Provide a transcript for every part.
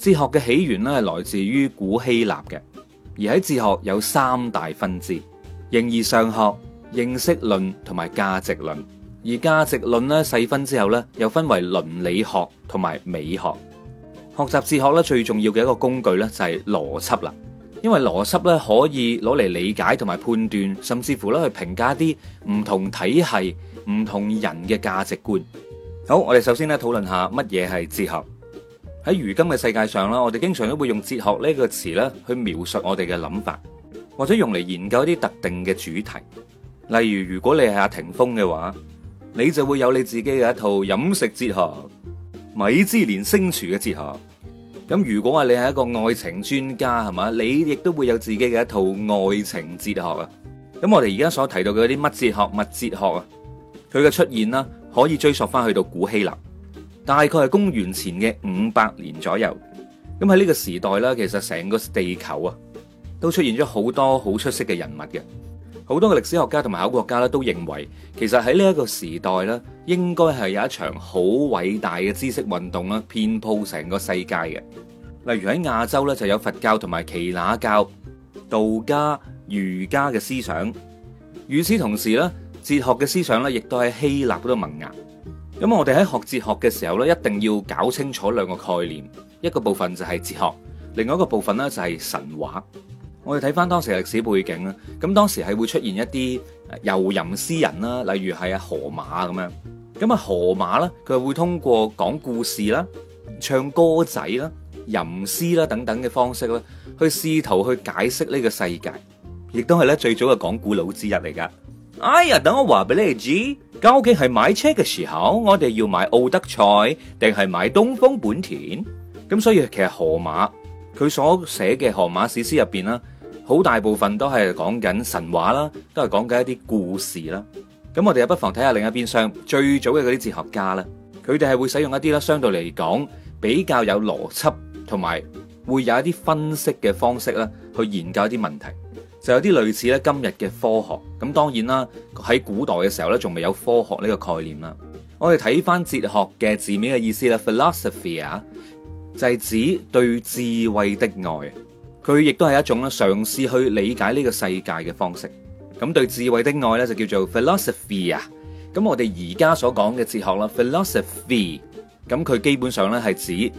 哲學嘅起源咧係來自於古希臘嘅，而喺哲學有三大分支：形而上學、認識論同埋價值論。而價值論咧細，細分之後咧，又分為倫理學同埋美學。學習哲學咧最重要嘅一個工具咧就係邏輯啦，因為邏輯咧可以攞嚟理解同埋判斷，甚至乎咧去評價一啲唔同體系、唔同人嘅價值觀。好，我哋首先咧討論下乜嘢係哲學。喺如今嘅世界上啦，我哋經常都會用哲學呢個詞咧去描述我哋嘅諗法，或者用嚟研究一啲特定嘅主題。例如，如果你係阿霆鋒嘅話，你就會有你自己嘅一套飲食哲學、米芝蓮星廚嘅哲學。咁如果話你係一個愛情專家，係嘛？你亦都會有自己嘅一套愛情哲學啊。咁我哋而家所提到嘅啲乜哲學、乜哲學啊，佢嘅出現啦，可以追溯翻去到古希臘。大概係公元前嘅五百年左右，咁喺呢個時代呢，其實成個地球啊，都出現咗好多好出色嘅人物嘅。好多嘅歷史學家同埋考古學家咧，都認為其實喺呢一個時代呢，應該係有一場好偉大嘅知識運動啦，遍布成個世界嘅。例如喺亞洲呢，就有佛教同埋耆那教、道家、儒家嘅思想。與此同時呢，哲學嘅思想呢，亦都喺希臘嗰度萌芽。咁我哋喺學哲學嘅時候呢，一定要搞清楚兩個概念，一個部分就係哲學，另外一個部分呢就係神話。我哋睇翻當時嘅歷史背景啦，咁當時係會出現一啲遊吟詩人啦，例如係阿荷馬咁樣。咁啊，荷馬呢，佢係會通過講故事啦、唱歌仔啦、吟詩啦等等嘅方式咧，去試圖去解釋呢個世界，亦都係呢最早嘅講古佬之一嚟噶哎呀，等我話俾你知，究竟係買車嘅時候，我哋要買奧德賽定係買東風本田？咁所以其實荷馬佢所寫嘅荷馬史詩入邊啦，好大部分都係講緊神話啦，都係講緊一啲故事啦。咁我哋又不妨睇下另一邊廂，最早嘅嗰啲哲學家啦，佢哋係會使用一啲咧相對嚟講比較有邏輯，同埋會有一啲分析嘅方式啦，去研究一啲問題。就有啲類似咧，今日嘅科學咁。當然啦，喺古代嘅時候呢仲未有科學呢個概念啦。我哋睇翻哲學嘅字面嘅意思啦，philosophy 啊，就係指對智慧的愛。佢亦都係一種咧嘗試去理解呢個世界嘅方式。咁對智慧的愛呢，就叫做 philosophy 啊。咁我哋而家所講嘅哲學啦，philosophy，咁佢基本上呢係指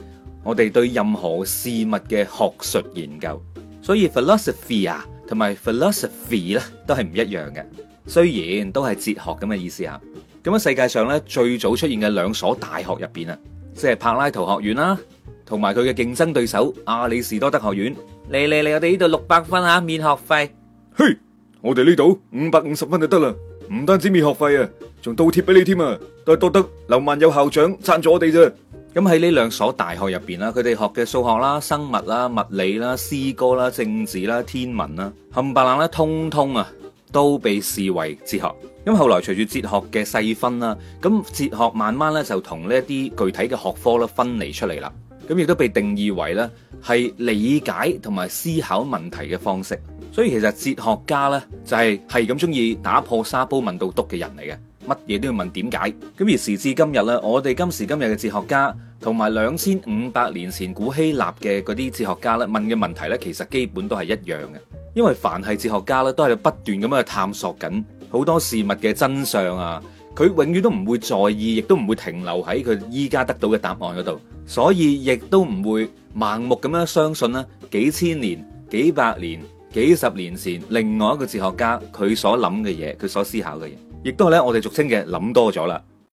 我哋對任何事物嘅學術研究。所以 philosophy 啊。同埋 philosophy 咧都係唔一樣嘅，雖然都係哲學咁嘅意思啊。咁喺世界上咧最早出現嘅兩所大學入邊啊，即係柏拉圖學院啦，同埋佢嘅競爭對手亞里士多德學院。嚟嚟嚟，我哋呢度六百分啊，免學費。嘿、hey，我哋呢度五百五十分就得啦，唔單止免學費啊，仲倒貼俾你添啊，都係多得劉萬有校長贊助我哋啫。咁喺呢兩所大學入邊啦，佢哋學嘅數學啦、生物啦、物理啦、詩歌啦、政治啦、天文啦，冚唪唥咧通通啊，都被視為哲學。咁後來隨住哲學嘅細分啦，咁哲學慢慢咧就同呢一啲具體嘅學科咧分離出嚟啦，咁亦都被定義為咧係理解同埋思考問題嘅方式。所以其實哲學家咧就係係咁中意打破沙煲問到篤嘅人嚟嘅。乜嘢都要問點解？咁而時至今日咧，我哋今時今日嘅哲學家同埋兩千五百年前古希臘嘅嗰啲哲學家咧，問嘅問題咧，其實基本都係一樣嘅。因為凡係哲學家咧，都係不斷咁樣去探索緊好多事物嘅真相啊！佢永遠都唔會在意，亦都唔會停留喺佢依家得到嘅答案嗰度，所以亦都唔會盲目咁樣相信呢幾千年、幾百年、幾十年前另外一個哲學家佢所諗嘅嘢，佢所思考嘅嘢。亦都係咧，我哋俗稱嘅諗多咗啦。